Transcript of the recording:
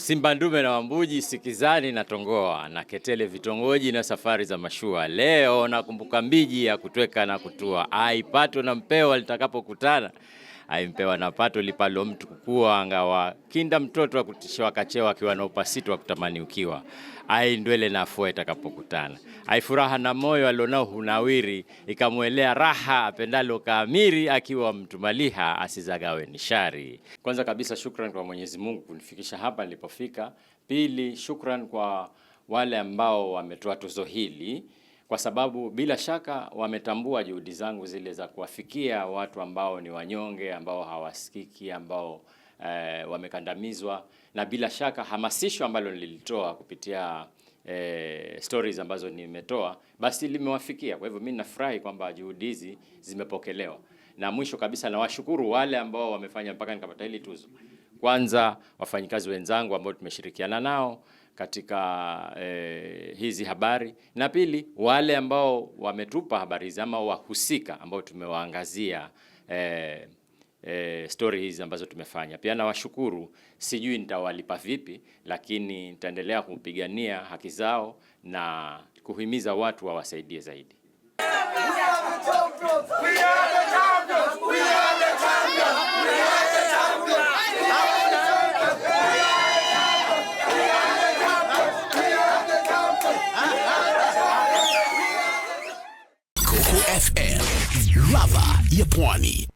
Simba ndume na Wambuji, Sikizani na Tongoa na Ketele vitongoji na safari za mashua. Leo nakumbuka mbiji ya kutweka na kutua, aipatwe na mpeo alitakapokutana aimpewa na pato lipalo mtu kukua, angawa kinda mtoto akutishiwa kachewa akiwa na upasito wa kutamani ukiwa ai ndwele na afue itakapokutana, ai furaha na moyo alionao hunawiri, ikamwelea raha apendalo kaamiri, akiwa mtu maliha asizagawe ni shari. Kwanza kabisa shukran kwa Mwenyezi Mungu kunifikisha hapa nilipofika. Pili, shukran kwa wale ambao wametoa tuzo hili kwa sababu bila shaka wametambua juhudi zangu zile za kuwafikia watu ambao ni wanyonge, ambao hawasikiki, ambao e, wamekandamizwa, na bila shaka hamasisho ambalo nililitoa kupitia e, stories ambazo nimetoa basi limewafikia. Kwa hivyo mimi nafurahi kwamba juhudi hizi zimepokelewa, na mwisho kabisa nawashukuru wale ambao wamefanya mpaka nikapata hili tuzo. Kwanza wafanyikazi wenzangu ambao tumeshirikiana nao katika eh, hizi habari, na pili wale ambao wametupa habari hizi ama wahusika ambao tumewaangazia eh, eh, stori hizi ambazo tumefanya. Pia nawashukuru, sijui nitawalipa vipi, lakini nitaendelea kupigania haki zao na kuhimiza watu wawasaidie zaidi. FM, lava ya